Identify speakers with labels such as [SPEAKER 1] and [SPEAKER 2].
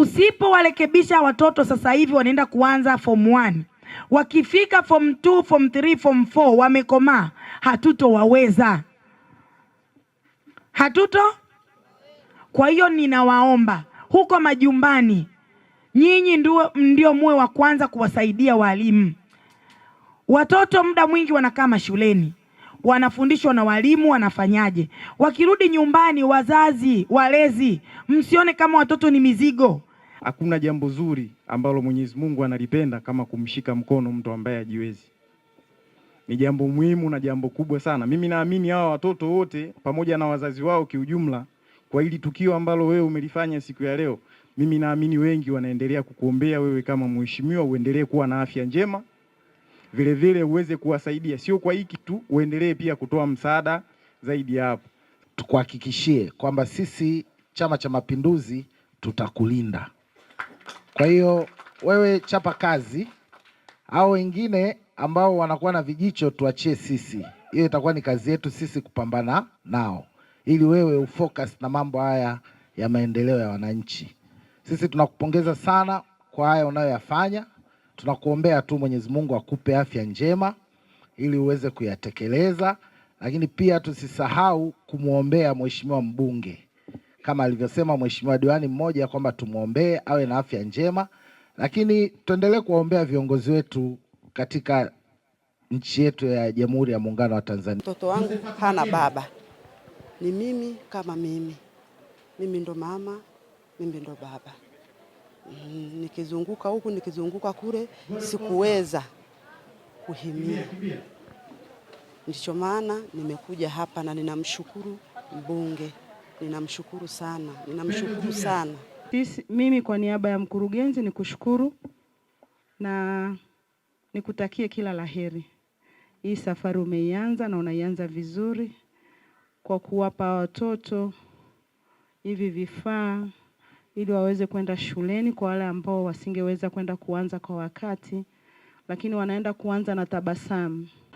[SPEAKER 1] Tusipowarekebisha watoto sasa hivi wanaenda kuanza form 1 wakifika form 2, form 3, form 4 wamekomaa, hatutowaweza, hatuto. Kwa hiyo ninawaomba huko majumbani, nyinyi ndio, ndio muwe wa kwanza kuwasaidia walimu. Watoto muda mwingi wanakaa mashuleni wanafundishwa na walimu, wanafanyaje? Wakirudi nyumbani, wazazi walezi, msione kama watoto ni mizigo.
[SPEAKER 2] Hakuna jambo zuri ambalo Mwenyezi Mungu analipenda kama kumshika mkono mtu ambaye hajiwezi. Ni jambo muhimu na jambo kubwa sana. Mimi naamini hawa watoto wote pamoja na wazazi wao kiujumla, kwa hili tukio ambalo wewe umelifanya siku ya leo, mimi naamini wengi wanaendelea kukuombea wewe kama mheshimiwa uendelee kuwa na afya njema, vile vile uweze kuwasaidia, sio kwa hiki tu, uendelee pia kutoa msaada zaidi ya hapo.
[SPEAKER 3] Tukuhakikishie kwamba sisi Chama cha Mapinduzi tutakulinda. Kwa hiyo wewe chapa kazi, au wengine ambao wanakuwa na vijicho tuachie sisi, hiyo itakuwa ni kazi yetu sisi kupambana nao, ili wewe ufocus na mambo haya ya maendeleo ya wananchi. Sisi tunakupongeza sana kwa haya unayoyafanya, tunakuombea tu Mwenyezi Mungu akupe afya njema ili uweze kuyatekeleza, lakini pia tusisahau kumwombea mheshimiwa mbunge kama alivyosema mheshimiwa diwani mmoja kwamba tumwombee awe na afya njema, lakini tuendelee kuwaombea viongozi wetu katika nchi yetu ya Jamhuri ya Muungano wa Tanzania.
[SPEAKER 4] Mtoto wangu hana baba, ni mimi kama mimi, mimi ndo mama, mimi ndo baba. Mm, nikizunguka huku nikizunguka kule, sikuweza kuhimia, ndicho maana nimekuja hapa na ninamshukuru mbunge Ninamshukuru sana, ninamshukuru sana.
[SPEAKER 5] Sisi, mimi kwa niaba ya mkurugenzi ni kushukuru na nikutakie kila laheri. Hii safari umeianza na unaianza vizuri kwa kuwapa watoto hivi vifaa ili waweze kwenda shuleni, kwa wale ambao wasingeweza kwenda kuanza kwa wakati, lakini wanaenda kuanza na tabasamu.